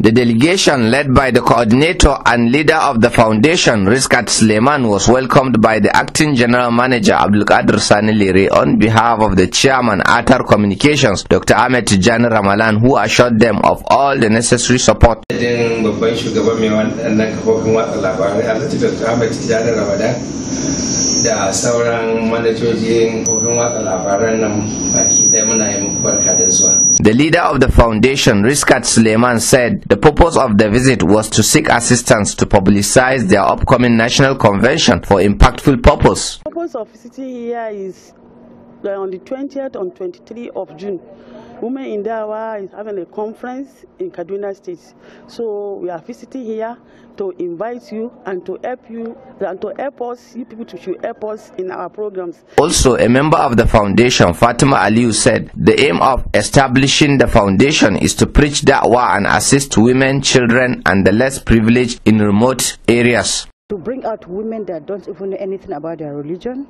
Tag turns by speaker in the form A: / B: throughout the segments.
A: The delegation led by the coordinator and leader of the foundation, Rizkat Suleiman, was welcomed by the acting general manager, Abdulkadir Sani Liri, on behalf of the chairman, Atar Communications, Dr. Ahmed Tijani Ramalan, who assured them of all the necessary support.
B: babban shugaban ramadan da sauran manajojin kofin watsa labaran nan baki ɗaya muna yi muku barka da su.
A: The leader of the foundation, Riskat Suleiman, said the purpose of the visit was to seek assistance to publicize their upcoming national convention for impactful purpose. The
C: purpose of visiting here is uh, on the 20th 23rd of June Women in Dawa is having a conference in Kaduna State. So we are visiting here to invite you and to help you and to help us, you people to help us in our programs.
A: Also, a member of the foundation, Fatima Aliu, said the aim of establishing the foundation is to preach da'wah and assist women, children, and the less privileged in remote areas.
D: To bring out women that don't even know anything about their religion,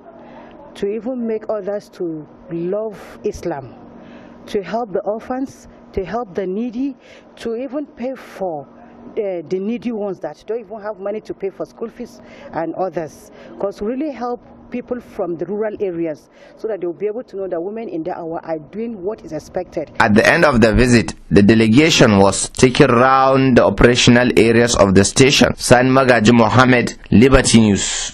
D: to even make others to love Islam to help the orphans, to help the needy, to even pay for uh, the needy ones that don't even have money to pay for school fees and others. Because really help people from the rural areas so that they'll be able to know that women in hour are doing what is expected.
A: At the end of the visit, the delegation was taken round the operational areas of the station. San Magaji Mohammed, Liberty News.